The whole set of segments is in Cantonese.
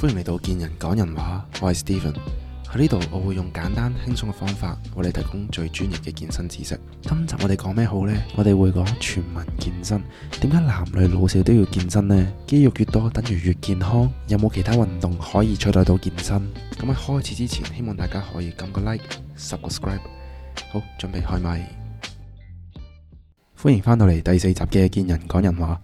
歡迎嚟到健人港人話，我係 Steven 喺呢度，我會用簡單輕鬆嘅方法為你提供最專業嘅健身知識。今集我哋講咩好呢？我哋會講全民健身，點解男女老少都要健身呢？肌肉越多，等於越健康。有冇其他運動可以取代到健身？咁喺開始之前，希望大家可以撳個 like，subscribe，好，準備開咪。歡迎翻到嚟第四集嘅健人港人話。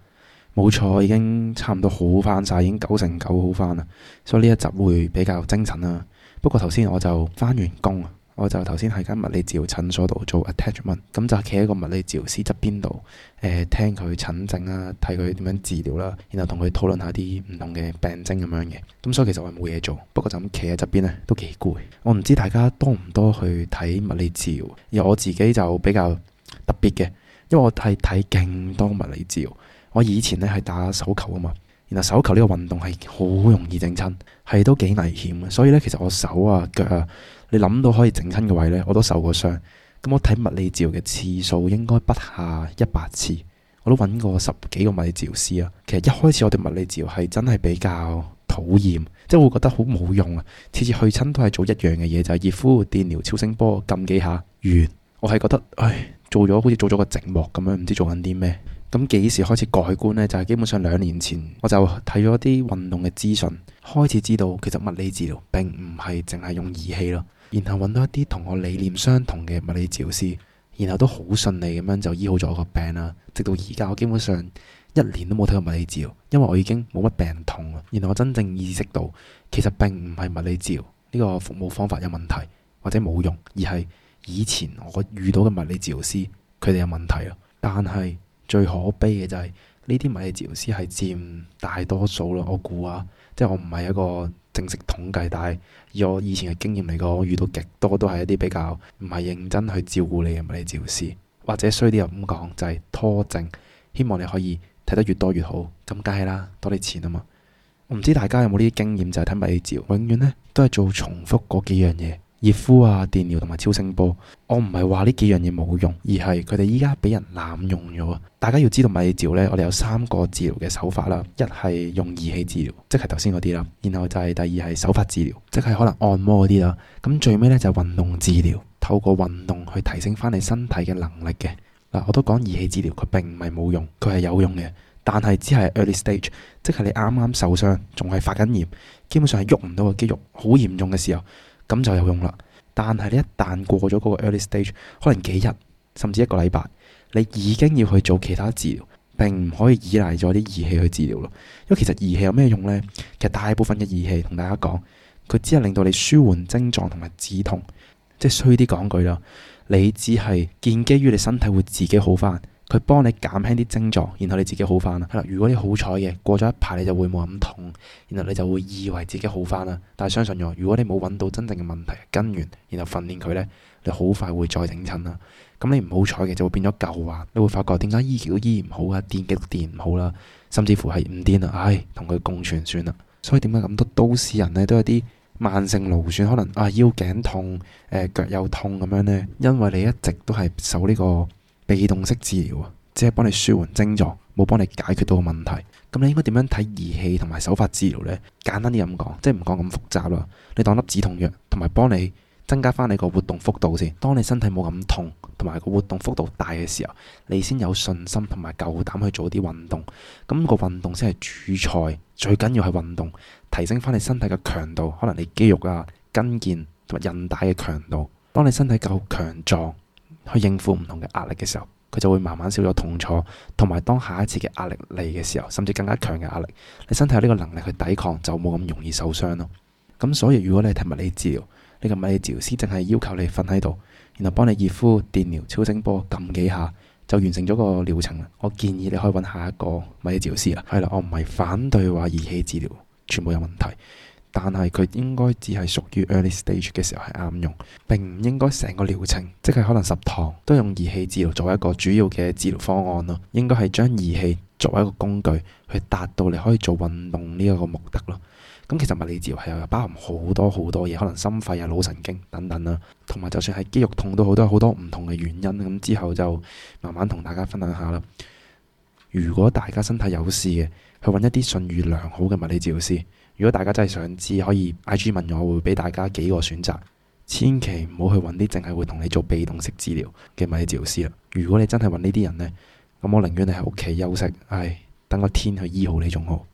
冇錯，已經差唔多好翻晒，已經九成九好翻啦。所以呢一集會比較精神啦、啊。不過頭先我就返完工啊，我就頭先喺間物理治療診所度做 attachment，咁就企喺個物理治療師側邊度，誒、呃、聽佢診症啦，睇佢點樣治療啦，然後同佢討論下啲唔同嘅病徵咁樣嘅。咁所以其實我冇嘢做，不過就咁企喺側邊呢，都幾攰。我唔知大家多唔多去睇物理治療，而我自己就比較特別嘅，因為我係睇勁多物理治療。我以前呢係打手球啊嘛，然後手球呢個運動係好容易整親，係都幾危險嘅。所以呢，其實我手啊、腳啊，你諗到可以整親嘅位呢，我都受過傷。咁我睇物理治療嘅次數應該不下一百次，我都揾過十幾個物理治療師啊。其實一開始我對物理治療係真係比較討厭，即係會覺得好冇用啊。次次去親都係做一樣嘅嘢，就係熱敷、電療、超聲波，撳幾下完。我係覺得，唉，做咗好似做咗個寂寞咁樣，唔知做緊啲咩。咁幾時開始改觀呢？就係、是、基本上兩年前，我就睇咗啲運動嘅資訊，開始知道其實物理治療並唔係淨係用儀器咯。然後揾到一啲同我理念相同嘅物理治療師，然後都好順利咁樣就醫好咗個病啦。直到而家，我基本上一年都冇睇過物理治療，因為我已經冇乜病痛啦。然後我真正意識到，其實並唔係物理治療呢個服務方法有問題或者冇用，而係以前我遇到嘅物理治療師佢哋有問題啊。但係。最可悲嘅就係呢啲物理治療師係佔大多數咯，我估啊，即係我唔係一個正式統計，但係以我以前嘅經驗嚟講，我遇到極多都係一啲比較唔係認真去照顧你嘅物理治療師，或者衰啲又咁講，就係拖症，希望你可以睇得越多越好，咁梗係啦，多啲錢啊嘛，我唔知大家有冇呢啲經驗，就係睇物理治療，永遠咧都係做重複嗰幾樣嘢。熱敷啊、電療同埋超聲波，我唔係話呢幾樣嘢冇用，而係佢哋依家俾人濫用咗。大家要知道，物理治療呢，我哋有三個治療嘅手法啦，一係用儀器治療，即係頭先嗰啲啦，然後就係第二係手法治療，即係可能按摩嗰啲啦。咁最尾呢，就係運動治療，透過運動去提升翻你身體嘅能力嘅。嗱，我都講儀器治療，佢並唔係冇用，佢係有用嘅，但係只係 early stage，即係你啱啱受傷，仲係發緊炎，基本上係喐唔到嘅肌肉，好嚴重嘅時候。咁就有用啦，但係你一旦過咗嗰個 early stage，可能幾日甚至一個禮拜，你已經要去做其他治療，並唔可以依賴咗啲儀器去治療咯。因為其實儀器有咩用咧？其實大部分嘅儀器同大家講，佢只係令到你舒緩症狀同埋止痛，即係衰啲講句啦，你只係建基於你身體會自己好翻。佢幫你減輕啲症狀，然後你自己好翻啦。係啦，如果你好彩嘅，過咗一排你就會冇咁痛，然後你就會以為自己好翻啦。但係相信我，如果你冇揾到真正嘅問題根源，然後訓練佢咧，你好快會再整親啦。咁你唔好彩嘅就會變咗舊患，你會發覺點解醫極都醫唔好啦，電極都電唔好啦，甚至乎係唔電啦，唉，同佢共存算啦。所以點解咁多都市人咧都有啲慢性勞損，可能啊腰頸痛、誒、呃、腳又痛咁樣咧？因為你一直都係受呢個。被動式治療啊，即係幫你舒緩症狀，冇幫你解決到個問題。咁你應該點樣睇儀器同埋手法治療呢？簡單啲咁講，即係唔講咁複雜啦。你當粒止痛藥，同埋幫你增加翻你個活動幅度先。當你身體冇咁痛，同埋個活動幅度大嘅時候，你先有信心同埋夠膽去做啲運動。咁個運動先係主菜，最緊要係運動，提升翻你身體嘅強度，可能你肌肉啊、筋腱同埋韌帶嘅強度。當你身體夠強壯。去應付唔同嘅壓力嘅時候，佢就會慢慢少咗痛楚，同埋當下一次嘅壓力嚟嘅時候，甚至更加強嘅壓力，你身體有呢個能力去抵抗，就冇咁容易受傷咯。咁所以如果你係睇物理治療，呢個物理治療師淨係要求你瞓喺度，然後幫你熱敷、電療、超聲波撳幾下，就完成咗個療程啦，我建議你可以揾下一個物理治療師啦。係啦，我唔係反對話儀器治療全部有問題。但係佢應該只係屬於 early stage 嘅時候係啱用，並唔應該成個療程，即係可能十堂都用儀器治療作為一個主要嘅治療方案咯。應該係將儀器作為一個工具去達到你可以做運動呢一個目的咯。咁其實物理治療係有包含好多好多嘢，可能心肺啊、腦神經等等啦，同埋就算係肌肉痛都好，都好多好多唔同嘅原因。咁之後就慢慢同大家分享下啦。如果大家身體有事嘅，去揾一啲信譽良好嘅物理治療師。如果大家真係想知，可以 IG 問我，會俾大家幾個選擇。千祈唔好去揾啲淨係會同你做被動式治療嘅物理治療師啦。如果你真係揾呢啲人呢，咁我寧願你喺屋企休息，唉，等個天去醫好你仲好。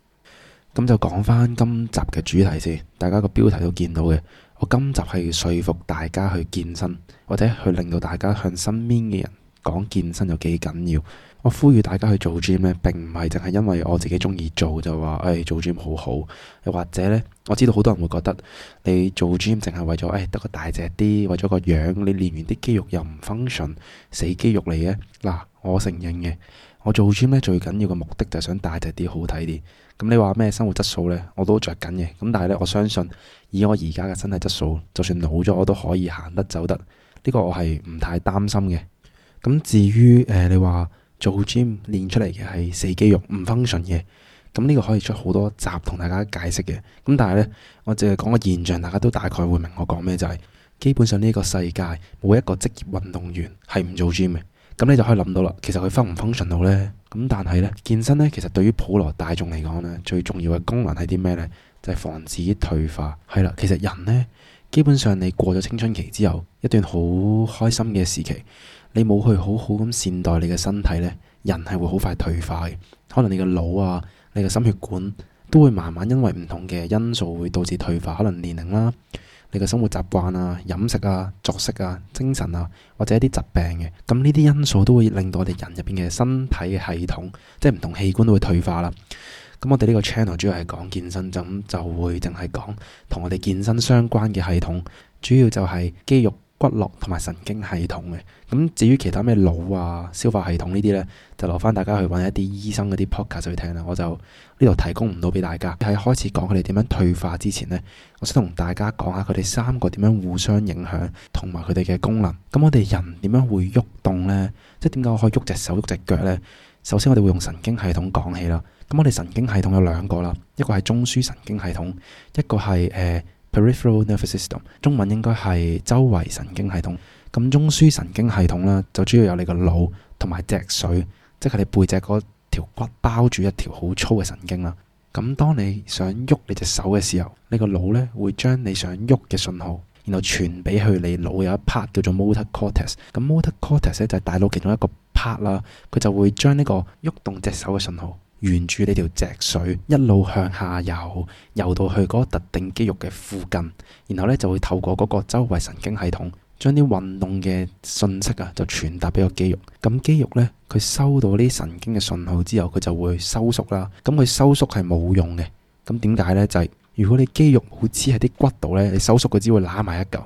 咁就講翻今集嘅主題先，大家個標題都見到嘅，我今集係說服大家去健身，或者去令到大家向身邊嘅人。講健身又幾緊要？我呼籲大家去做 gym 呢，並唔係淨係因為我自己中意做就話，誒、哎、做 gym 好好。又或者呢，我知道好多人會覺得你做 gym 淨係為咗，誒、哎、得個大隻啲，為咗個樣。你練完啲肌肉又唔 function，死肌肉嚟嘅。嗱、啊，我承認嘅，我做 gym 呢最緊要嘅目的就係想大隻啲，好睇啲。咁你話咩生活質素呢？我都着緊嘅。咁但係呢，我相信以我而家嘅身體質素，就算老咗，我都可以行得走得。呢、這個我係唔太擔心嘅。咁至於誒、呃，你話做 gym 練出嚟嘅係死肌肉唔 function 嘅，咁呢、這個可以出好多集同大家解釋嘅。咁但係呢，我淨係講個現象，大家都大概會明我講咩就係、是，基本上呢個世界冇一個職業運動員係唔做 gym 嘅。咁你就可以諗到啦，其實佢 function 唔 function 到呢？咁但係呢，健身呢，其實對於普羅大眾嚟講呢，最重要嘅功能係啲咩呢？就係、是、防止退化。係啦，其實人呢，基本上你過咗青春期之後一段好開心嘅時期。你冇去好好咁善待你嘅身體咧，人係會好快退化嘅。可能你嘅腦啊、你嘅心血管都會慢慢因為唔同嘅因素會導致退化。可能年齡啦、啊、你嘅生活習慣啊、飲食啊、作息啊、精神啊，或者一啲疾病嘅，咁呢啲因素都會令到我哋人入邊嘅身體嘅系統，即係唔同器官都會退化啦。咁、嗯、我哋呢個 channel 主要係講健身，就咁就會淨係講同我哋健身相關嘅系統，主要就係肌肉。骨骼同埋神經系統嘅，咁至於其他咩腦啊、消化系統呢啲呢，就留翻大家去揾一啲醫生嗰啲 podcast 去聽啦。我就呢度提供唔到俾大家。喺開始講佢哋點樣退化之前呢，我先同大家講下佢哋三個點樣互相影響，同埋佢哋嘅功能。咁我哋人點樣會喐動，動呢？即係點解我可以喐隻手、喐隻腳呢？首先我哋會用神經系統講起啦。咁我哋神經系統有兩個啦，一個係中樞神經系統，一個係誒。呃 Peripheral nervous system，中文應該係周圍神經系統，咁中樞神經系統啦，就主要有你個腦同埋脊髓，即係你背脊嗰條骨包住一條好粗嘅神經啦。咁當你想喐你隻手嘅時候，你個腦咧會將你想喐嘅信號，然後傳俾去你腦有一 part 叫做 motor cortex。咁 motor cortex 咧就係大腦其中一個 part 啦，佢就會將呢個喐動隻手嘅信號。沿住呢條脊髓一路向下游游到去嗰個特定肌肉嘅附近，然後咧就會透過嗰個周圍神經系統將啲運動嘅訊息啊就傳達俾個肌肉。咁肌肉咧佢收到呢啲神經嘅信號之後，佢就會收縮啦。咁佢收縮係冇用嘅。咁點解咧？就係、是、如果你肌肉冇黐喺啲骨度咧，你收縮佢只會揦埋一嚿。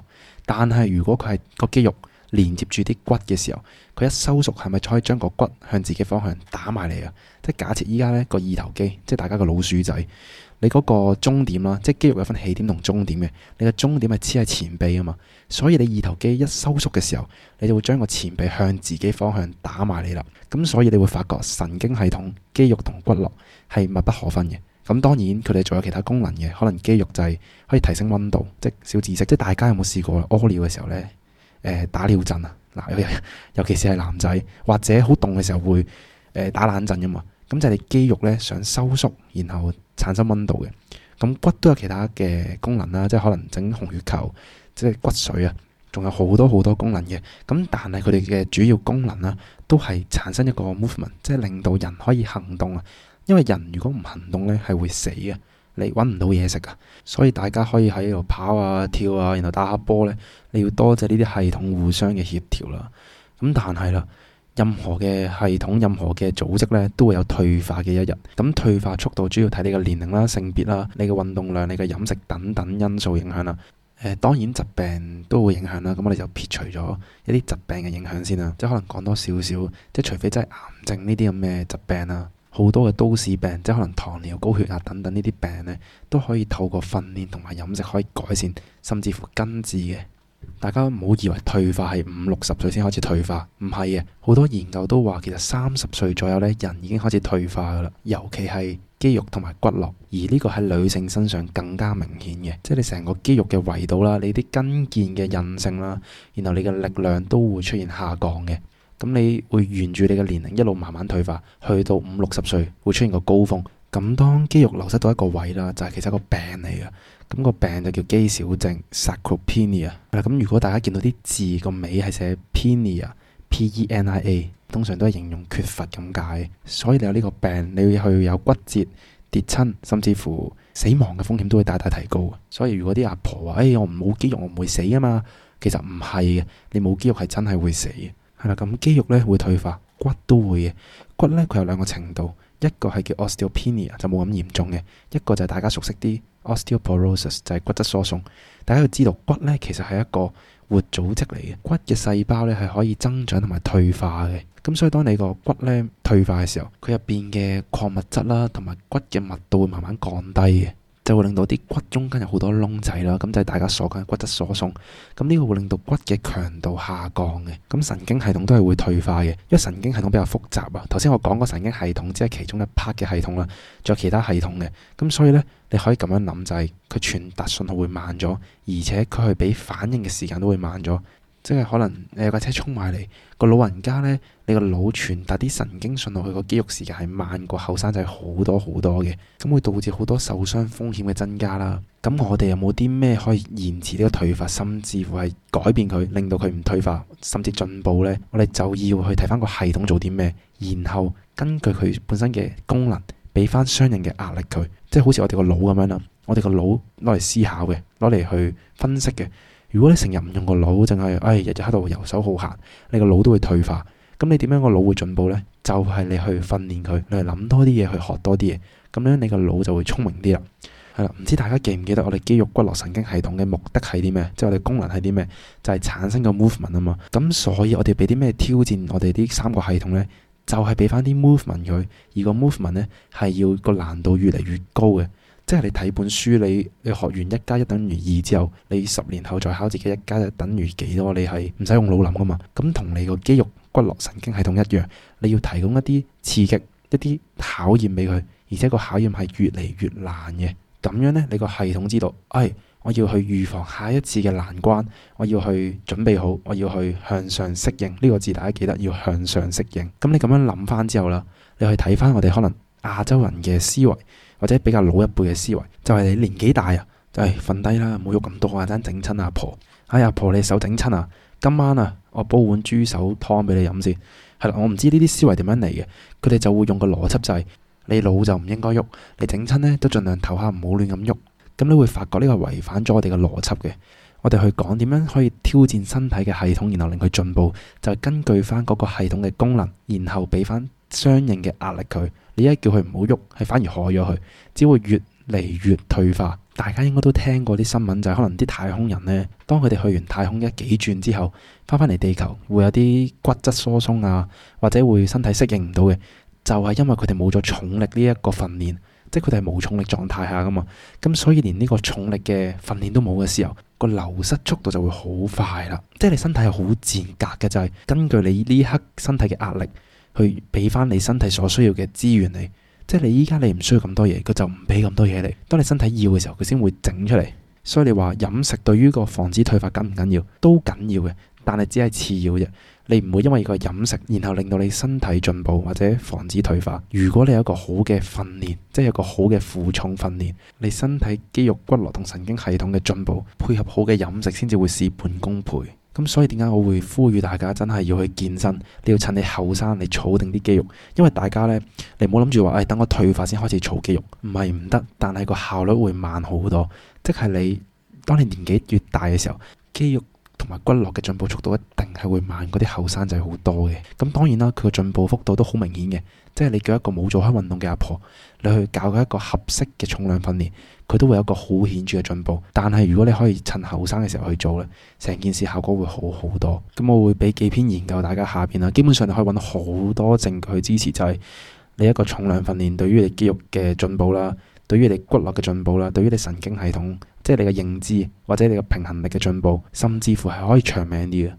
但係如果佢係個肌肉，連接住啲骨嘅時候，佢一收縮係咪可以將個骨向自己方向打埋嚟啊？即係假設依家呢個二頭肌，即係大家個老鼠仔，你嗰個終點啦，即係肌肉有分起點同終點嘅，你嘅終點係黐喺前臂啊嘛。所以你二頭肌一收縮嘅時候，你就會將個前臂向自己方向打埋嚟啦。咁所以你會發覺神經系統、肌肉同骨骼係密不可分嘅。咁當然佢哋仲有其他功能嘅，可能肌肉就係可以提升溫度，即小知識。即係大家有冇試過屙尿嘅時候呢？誒、呃、打尿震啊，嗱、呃，尤其是係男仔或者好凍嘅時候會誒、呃、打冷震噶嘛，咁就係你肌肉咧想收縮，然後產生温度嘅。咁骨都有其他嘅功能啦，即係可能整紅血球，即係骨髓啊，仲有好多好多功能嘅。咁但係佢哋嘅主要功能啦，都係產生一個 movement，即係令到人可以行動啊。因為人如果唔行動咧，係會死嘅。你揾唔到嘢食㗎，所以大家可以喺度跑啊、跳啊，然後打下波呢，你要多謝呢啲系統互相嘅協調啦。咁但係啦，任何嘅系統、任何嘅組織呢，都會有退化嘅一日。咁退化速度主要睇你嘅年齡啦、啊、性別啦、啊、你嘅運動量、你嘅飲食等等因素影響啦。誒、呃，當然疾病都會影響啦。咁我哋就撇除咗一啲疾病嘅影響先啊。即係可能講多少少，即係除非真係癌症呢啲咁嘅疾病啊。好多嘅都市病，即係可能糖尿高血壓等等呢啲病呢，都可以透過訓練同埋飲食可以改善，甚至乎根治嘅。大家唔好以為退化係五六十歲先開始退化，唔係嘅，好多研究都話其實三十歲左右呢，人已經開始退化噶啦，尤其係肌肉同埋骨骼。而呢個喺女性身上更加明顯嘅，即係你成個肌肉嘅圍度啦，你啲筋腱嘅韌性啦，然後你嘅力量都會出現下降嘅。咁你會沿住你嘅年齡一路慢慢退化，去到五六十歲會出現個高峰。咁當肌肉流失到一個位啦，就係、是、其實一個病嚟嘅。咁、那個病就叫肌少症 sarcopenia 咁如果大家見到啲字個尾係寫 penia，p-e-n-i-a，、e、通常都係形容缺乏咁解。所以你有呢個病，你要去有骨折、跌親，甚至乎死亡嘅風險都會大大提高。所以如果啲阿婆話，誒、哎，我冇肌肉我唔會死啊嘛，其實唔係嘅，你冇肌肉係真係會死。咁肌肉咧會退化，骨都會嘅。骨咧佢有兩個程度，一個係叫 osteopenia 就冇咁嚴重嘅，一個就係大家熟悉啲 osteoporosis 就係骨質疏鬆。大家要知道骨咧其實係一個活組織嚟嘅，骨嘅細胞咧係可以增長同埋退化嘅。咁所以當你個骨咧退化嘅時候，佢入邊嘅礦物質啦同埋骨嘅密度會慢慢降低嘅。就會令到啲骨中間有好多窿仔啦，咁就係、是、大家所講嘅骨質疏鬆。咁、這、呢個會令到骨嘅強度下降嘅。咁神經系統都係會退化嘅，因為神經系統比較複雜啊。頭先我講過神經系統即係其中一 part 嘅系統啦，仲有其他系統嘅。咁所以呢，你可以咁樣諗就係佢傳達信號會慢咗，而且佢係畀反應嘅時間都會慢咗。即係可能你有架車衝埋嚟，個老人家呢，你個腦傳達啲神經信號去個肌肉時間係慢過後生仔好多好多嘅，咁會導致好多受傷風險嘅增加啦。咁我哋有冇啲咩可以延遲呢個退化，甚至乎係改變佢，令到佢唔退化，甚至進步呢？我哋就要去睇翻個系統做啲咩，然後根據佢本身嘅功能，俾翻相應嘅壓力佢，即係好似我哋個腦咁樣啦，我哋個腦攞嚟思考嘅，攞嚟去分析嘅。如果你成日唔用個腦，淨係誒日日喺度遊手好閒，你個腦都會退化。咁你點樣個腦會進步呢？就係你去訓練佢，你去諗多啲嘢，去學多啲嘢。咁樣你個腦就會聰明啲啦。係啦，唔知大家記唔記得我哋肌肉骨骼神經系統嘅目的係啲咩？即係我哋功能係啲咩？就係產生個 movement 啊嘛。咁所以我哋俾啲咩挑戰我哋啲三個系統呢？就係俾翻啲 movement 佢，而個 movement 呢，係要個難度越嚟越高嘅。即係你睇本書，你你學完一加一等於二之後，你十年後再考自己一加一等於幾多？你係唔使用腦諗噶嘛？咁同你個肌肉、骨骼、神經系統一樣，你要提供一啲刺激、一啲考驗俾佢，而且個考驗係越嚟越難嘅。咁樣呢，你個系統知道，哎，我要去預防下一次嘅難關，我要去準備好，我要去向上適應。呢個字大家記得要向上適應。咁你咁樣諗翻之後啦，你去睇翻我哋可能亞洲人嘅思維。或者比較老一輩嘅思維，就係你年紀大啊，就係瞓低啦，唔好喐咁多啊，爭整親阿婆。唉，阿婆你手整親啊，今晚啊，我煲碗豬手湯俾你飲先。係啦，我唔知呢啲思維點樣嚟嘅，佢哋就會用個邏輯就係你老就唔應該喐，你整親呢都盡量唞下，唔好亂咁喐。咁你會發覺呢個違反咗我哋嘅邏輯嘅。我哋去講點樣可以挑戰身體嘅系統，然後令佢進步，就係根據翻嗰個系統嘅功能，然後俾翻相應嘅壓力佢。你一叫佢唔好喐，係反而害咗佢，只會越嚟越退化。大家應該都聽過啲新聞，就是，就係可能啲太空人呢，當佢哋去完太空一幾轉之後，翻返嚟地球會有啲骨質疏鬆啊，或者會身體適應唔到嘅，就係、是、因為佢哋冇咗重力呢一個訓練，即係佢哋係冇重力狀態下㗎嘛。咁所以連呢個重力嘅訓練都冇嘅時候，個流失速度就會好快啦。即、就、係、是、你身體係好賤格嘅，就係、是、根據你呢刻身體嘅壓力。去俾翻你身體所需要嘅資源你，即係你依家你唔需要咁多嘢，佢就唔俾咁多嘢你。當你身體要嘅時候，佢先會整出嚟。所以你話飲食對於個防止退化緊唔緊要？都緊要嘅，但係只係次要啫。你唔會因為個飲食，然後令到你身體進步或者防止退化。如果你有一個好嘅訓練，即係有個好嘅負重訓練，你身體肌肉骨骼同神經系統嘅進步，配合好嘅飲食，先至會事半功倍。咁所以點解我會呼籲大家真係要去健身？你要趁你後生嚟儲定啲肌肉，因為大家呢，你唔好諗住話，誒、哎、等我退化先開始儲肌肉，唔係唔得，但係個效率會慢好多。即係你當你年，年紀越大嘅時候，肌肉同埋骨骼嘅進步速度一定係會慢過啲後生仔好多嘅。咁當然啦，佢嘅進步幅度都好明顯嘅。即係你叫一個冇做開運動嘅阿婆，你去搞佢一個合適嘅重量訓練，佢都會有一個好顯著嘅進步。但係如果你可以趁後生嘅時候去做咧，成件事效果會好好多。咁我會俾幾篇研究大家下邊啦，基本上你可以揾到好多證據去支持，就係你一個重量訓練對於你肌肉嘅進步啦，對於你骨骼嘅進步啦，對於你神經系統，即係你嘅認知或者你嘅平衡力嘅進步，甚至乎係可以長命啲嘅。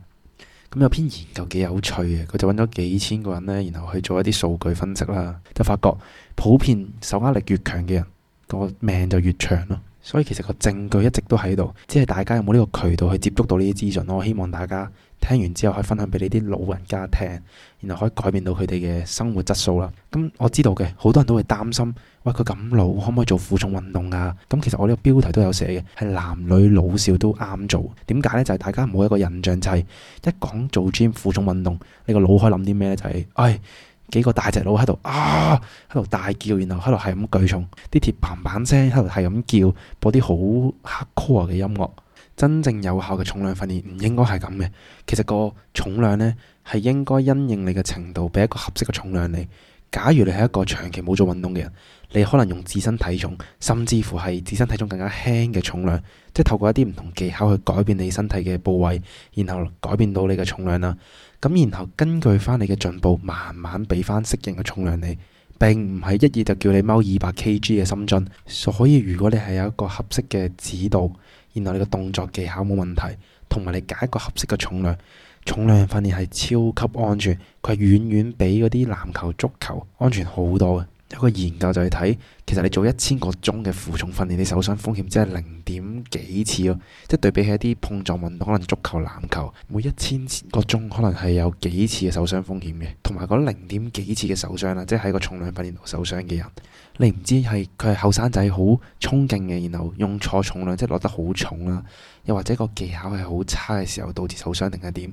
咁有篇研究幾有趣嘅，佢就揾咗幾千個人咧，然後去做一啲數據分析啦，就發覺普遍手握力越強嘅人個命就越長咯。所以其實個證據一直都喺度，只係大家有冇呢個渠道去接觸到呢啲資訊咯。我希望大家聽完之後可以分享俾你啲老人家聽，然後可以改變到佢哋嘅生活質素啦。咁、嗯、我知道嘅，好多人都會擔心，喂佢咁老可唔可以做負重運動啊？咁、嗯、其實我呢個標題都有寫嘅，係男女老少都啱做。點解呢？就係、是、大家冇一個印象，就係、是、一講做 gym 負重運動，你個腦海諗啲咩呢？就係、是，唉、哎，幾個大隻佬喺度啊，喺度大叫，然後喺度係咁舉重，啲鐵棒棒聲喺度係咁叫，播啲好黑 core 嘅音樂。真正有效嘅重量訓練唔應該係咁嘅，其實個重量呢，係應該因應你嘅程度俾一個合適嘅重量你。假如你係一個長期冇做運動嘅人，你可能用自身體重，甚至乎係自身體重更加輕嘅重量，即係透過一啲唔同技巧去改變你身體嘅部位，然後改變到你嘅重量啦。咁然後根據翻你嘅進步，慢慢俾翻適應嘅重量你，並唔係一意就叫你踎二百 kg 嘅深蹲，所以如果你係有一個合適嘅指導。然後你個動作技巧冇問題，同埋你揀一個合適嘅重量，重量訓練係超級安全，佢係遠遠比嗰啲籃球、足球安全好多嘅。有個研究就係睇。其實你做一千個鐘嘅負重訓練，你受傷風險只係零點幾次咯。即係對比起一啲碰撞運動，可能足球、籃球，每一千個鐘可能係有幾次嘅受傷風險嘅。同埋嗰零點幾次嘅受傷啦，即係喺個重量訓練度受傷嘅人，你唔知係佢係後生仔好衝勁嘅，然後用錯重量，即係落得好重啦，又或者個技巧係好差嘅時候導致受傷定係點。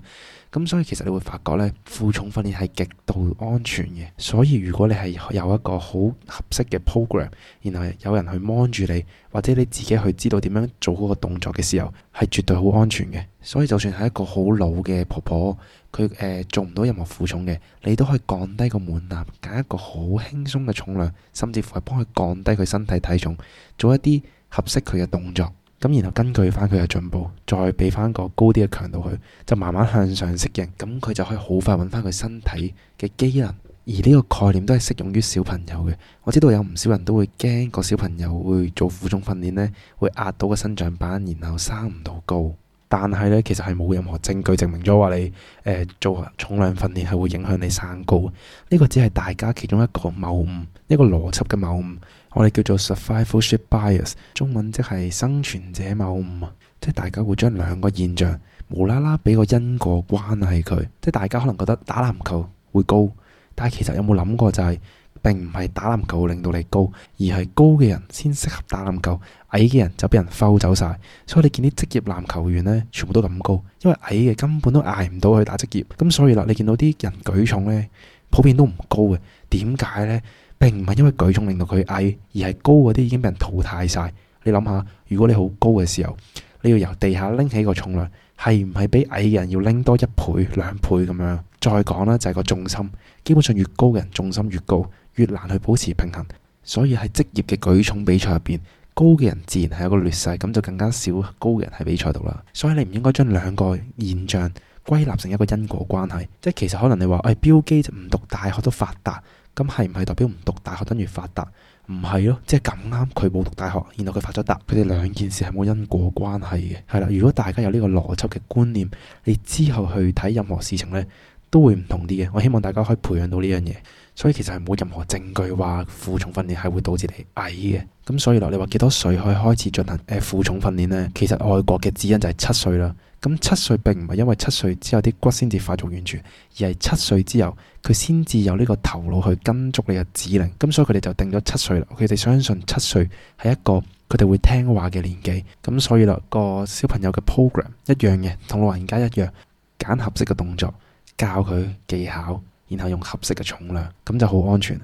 咁所以其實你會發覺呢，負重訓練係極度安全嘅。所以如果你係有一個好合適嘅 program，然後有人去 mon 住你，或者你自己去知道點樣做好個動作嘅時候，係絕對好安全嘅。所以就算係一個好老嘅婆婆，佢誒、呃、做唔到任何負重嘅，你都可以降低個門檻，揀一個好輕鬆嘅重量，甚至乎係幫佢降低佢身體體重，做一啲合適佢嘅動作。咁然後根據翻佢嘅進步，再俾翻個高啲嘅強度佢，就慢慢向上適應。咁佢就可以好快揾翻佢身體嘅機能。而呢個概念都係適用於小朋友嘅。我知道有唔少人都會驚個小朋友會做負重訓練呢，會壓到個生長板，然後生唔到高。但係呢，其實係冇任何證據證明咗話你誒、呃、做重量訓練係會影響你生高。呢個只係大家其中一個謬誤，一個邏輯嘅謬誤。我哋叫做 survivalship bias，中文即係生存者謬誤，即係大家會將兩個現象無啦啦畀個因果關係佢。即係大家可能覺得打籃球會高。但係其實有冇諗過就係，並唔係打籃球令到你高，而係高嘅人先適合打籃球，矮嘅人就俾人浮走晒。所以你見啲職業籃球員呢，全部都咁高，因為矮嘅根本都捱唔到去打職業。咁所以啦，你見到啲人舉重呢，普遍都唔高嘅。點解呢？並唔係因為舉重令到佢矮，而係高嗰啲已經俾人淘汰晒。你諗下，如果你好高嘅時候，你要由地下拎起個重量，係唔係比矮嘅人要拎多一倍、兩倍咁樣？再講啦，就係個重心，基本上越高嘅人重心越高，越難去保持平衡。所以喺職業嘅舉重比賽入邊，高嘅人自然係一個劣勢，咁就更加少高嘅人喺比賽度啦。所以你唔應該將兩個現象歸納成一個因果關係。即係其實可能你話，誒 Bill Gates 唔讀大學都發達，咁係唔係代表唔讀大學等於發達？唔係咯，即係咁啱佢冇讀大學，然後佢發咗達，佢哋兩件事係冇因果關係嘅。係啦，如果大家有呢個邏輯嘅觀念，你之後去睇任何事情呢，都會唔同啲嘅。我希望大家可以培養到呢樣嘢，所以其實係冇任何證據話負重訓練係會導致你矮嘅。咁所以啦，你話幾多歲可以開始進行誒負重訓練呢？其實外國嘅指引就係七歲啦。咁七歲並唔係因為七歲之後啲骨先至發育完全，而係七歲之後佢先至有呢個頭腦去跟足你嘅指令。咁所以佢哋就定咗七歲啦。佢哋相信七歲係一個佢哋會聽話嘅年紀。咁所以啦，個小朋友嘅 program 一樣嘅，同老人家一樣揀合適嘅動作，教佢技巧，然後用合適嘅重量，咁就好安全。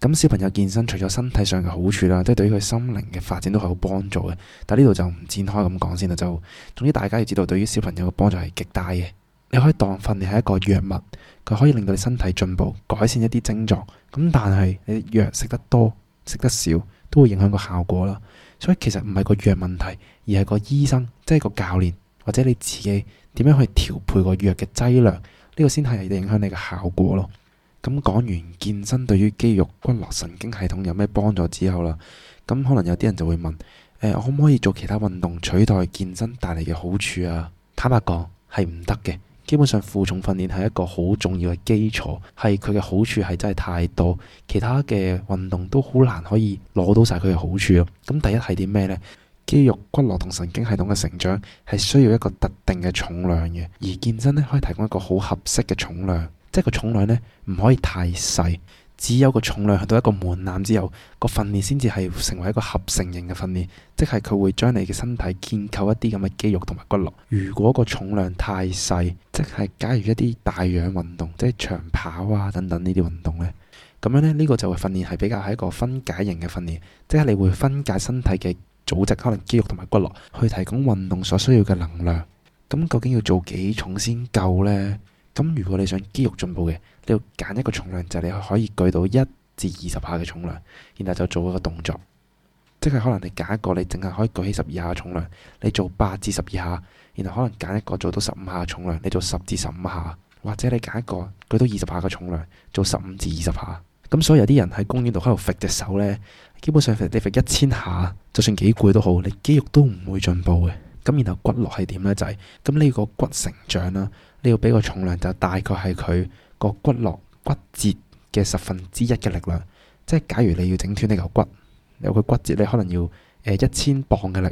咁小朋友健身除咗身體上嘅好處啦，即係對於佢心靈嘅發展都係好幫助嘅。但係呢度就唔展開咁講先啦。就總之大家要知道，對於小朋友嘅幫助係極大嘅。你可以當訓練係一個藥物，佢可以令到你身體進步，改善一啲症狀。咁但係你藥食得多、食得少都會影響個效果啦。所以其實唔係個藥問題，而係個醫生，即係個教練或者你自己點樣去調配個藥嘅劑量。呢個先係影響你嘅效果咯。咁講完健身對於肌肉、骨骼、神經系統有咩幫助之後啦，咁可能有啲人就會問：誒、呃，我可唔可以做其他運動取代健身帶嚟嘅好處啊？坦白講係唔得嘅。基本上負重訓練係一個好重要嘅基礎，係佢嘅好處係真係太多，其他嘅運動都好難可以攞到晒佢嘅好處咯。咁第一係啲咩呢？肌肉、骨骼同神經系統嘅成長係需要一個特定嘅重量嘅，而健身呢可以提供一個好合適嘅重量，即係個重量呢唔可以太細。只有個重量去到一個門檻之後，個訓練先至係成為一個合成型嘅訓練，即係佢會將你嘅身體建構一啲咁嘅肌肉同埋骨骼。如果個重量太細，即係假如一啲帶氧運動，即係長跑啊等等呢啲運動呢，咁樣呢，呢個就會訓練係比較係一個分解型嘅訓練，即係你會分解身體嘅。組織可能肌肉同埋骨骼，去提供運動所需要嘅能量，咁究竟要做幾重先夠呢？咁如果你想肌肉進步嘅，你要揀一個重量就係你可以舉到一至二十下嘅重量，然後就做一個動作。即係可能你揀一個你淨係可以舉起十二下嘅重量，你做八至十二下；然後可能揀一個做到十五下嘅重量，你做十至十五下；或者你揀一個舉到二十下嘅重量，做十五至二十下。咁、嗯、所以有啲人喺公園度喺度揈隻手咧，基本上揈揈揈一千下，就算幾攰都好，你肌肉都唔會進步嘅。咁然後骨骼係點咧？就係咁呢個骨成長啦，你要俾個重量就大概係佢個骨骼骨折嘅十分之一嘅力量。即係假如你要整斷呢嚿骨，有個骨折你可能要誒一千磅嘅力，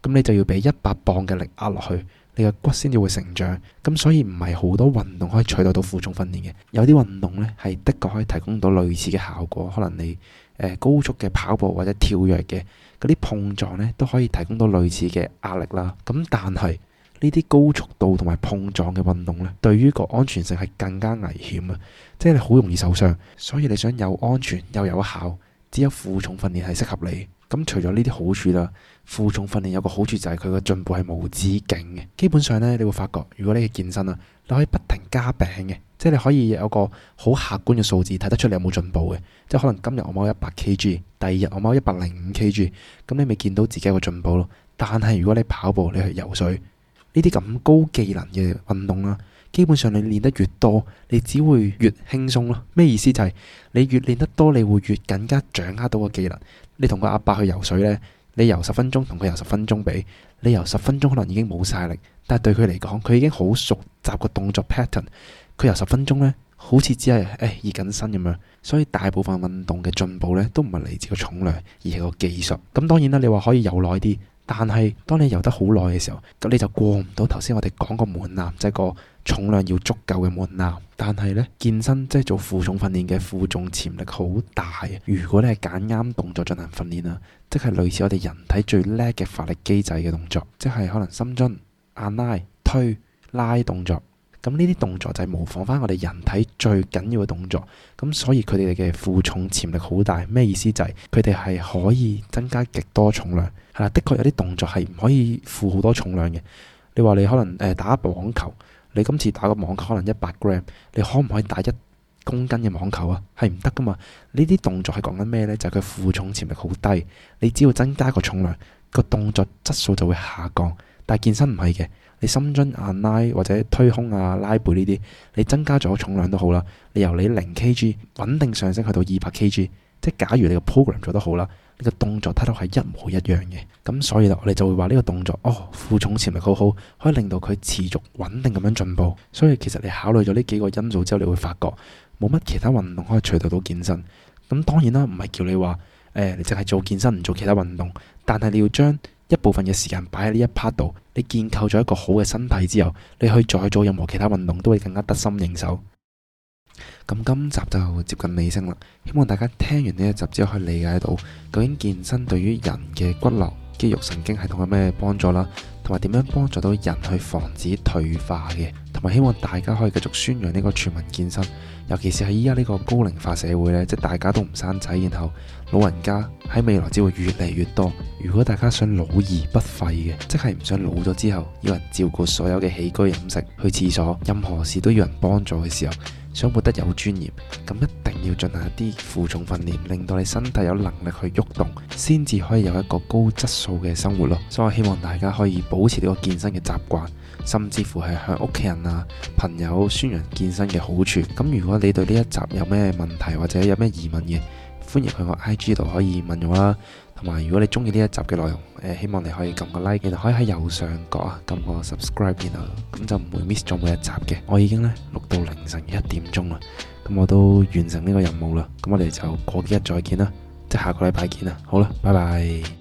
咁你就要俾一百磅嘅力壓落去。你嘅骨先至會成長，咁所以唔係好多運動可以取代到負重訓練嘅。有啲運動咧係的確可以提供到類似嘅效果，可能你誒高速嘅跑步或者跳躍嘅嗰啲碰撞咧都可以提供到類似嘅壓力啦。咁但係呢啲高速度同埋碰撞嘅運動咧，對於個安全性係更加危險啊！即係你好容易受傷，所以你想有安全又有效，只有負重訓練係適合你。咁除咗呢啲好處啦，負重訓練有個好處就係佢嘅進步係無止境嘅。基本上咧，你會發覺，如果你去健身啦，你可以不停加磅嘅，即係你可以有個好客觀嘅數字，睇得出你有冇進步嘅。即係可能今日我掹一百 kg，第二日我掹一百零五 kg，咁你咪見到自己有個進步咯。但係如果你跑步，你去游水，呢啲咁高技能嘅運動啦。基本上你練得越多，你只會越輕鬆咯。咩意思？就係、是、你越練得多，你會越更加掌握到個技能。你同個阿伯去游水呢，你游十分鐘同佢游十分鐘比，你游十分鐘可能已經冇晒力，但係對佢嚟講，佢已經好熟習個動作 pattern。佢游十分鐘呢，好似只係誒、哎、熱緊身咁樣。所以大部分運動嘅進步呢，都唔係嚟自個重量，而係個技術。咁當然啦，你話可以游耐啲。但係，當你游得好耐嘅時候，咁你就過唔到頭先我哋講個門檻，即係個重量要足夠嘅門檻。但係呢，健身即係做負重訓練嘅負重潛力好大。如果你係揀啱動作進行訓練啦，即係類似我哋人體最叻嘅發力機制嘅動作，即係可能深蹲、硬拉、推拉動作。咁呢啲動作就係模仿翻我哋人體最緊要嘅動作，咁所以佢哋嘅負重潛力好大。咩意思就係佢哋係可以增加極多重量，係啦。的確有啲動作係唔可以負好多重量嘅。你話你可能誒打網球，你今次打個網球可能一百 g，你可唔可以打一公斤嘅網球啊？係唔得噶嘛？呢啲動作係講緊咩呢？就係佢負重潛力好低，你只要增加個重量，個動作質素就會下降。但係健身唔係嘅。你深蹲、硬拉或者推胸啊、拉背呢啲，你增加咗重量都好啦。你由你零 Kg 穩定上升去到二百 Kg，即係假如你個 program 做得好啦，你個動作睇到係一模一樣嘅。咁所以啦，我哋就會話呢個動作，哦，負重潛力好好，可以令到佢持續穩定咁樣進步。所以其實你考慮咗呢幾個因素之後，你會發覺冇乜其他運動可以取代到健身。咁當然啦，唔係叫你話誒、哎，你淨係做健身唔做其他運動，但係你要將。一部分嘅時間擺喺呢一 part 度，你建構咗一個好嘅身體之後，你可以再做任何其他運動都會更加得心應手。咁今集就接近尾聲啦，希望大家聽完呢一集之後可以理解到，究竟健身對於人嘅骨骼、肌肉、神經系統有咩幫助啦，同埋點樣幫助到人去防止退化嘅，同埋希望大家可以繼續宣揚呢個全民健身，尤其是喺依家呢個高齡化社會呢，即係大家都唔生仔，然後。老人家喺未來只會越嚟越多。如果大家想老而不廢嘅，即係唔想老咗之後要人照顧所有嘅起居飲食、去廁所、任何事都要人幫助嘅時候，想活得有尊嚴，咁一定要進行一啲負重訓練，令到你身體有能力去喐動，先至可以有一個高質素嘅生活咯。所以我希望大家可以保持呢個健身嘅習慣，甚至乎係向屋企人啊、朋友宣揚健身嘅好處。咁如果你對呢一集有咩問題或者有咩疑問嘅？歡迎去我 IG 度可以問我啦，同埋如果你中意呢一集嘅內容，誒希望你可以撳個 like 鍵，可以喺右上角啊撳個 subscribe 鍵啊，咁就唔會 miss 咗每一集嘅。我已經咧錄到凌晨一點鐘啦，咁我都完成呢個任務啦，咁我哋就過幾日再見啦，即係下個禮拜見啦，好啦，拜拜。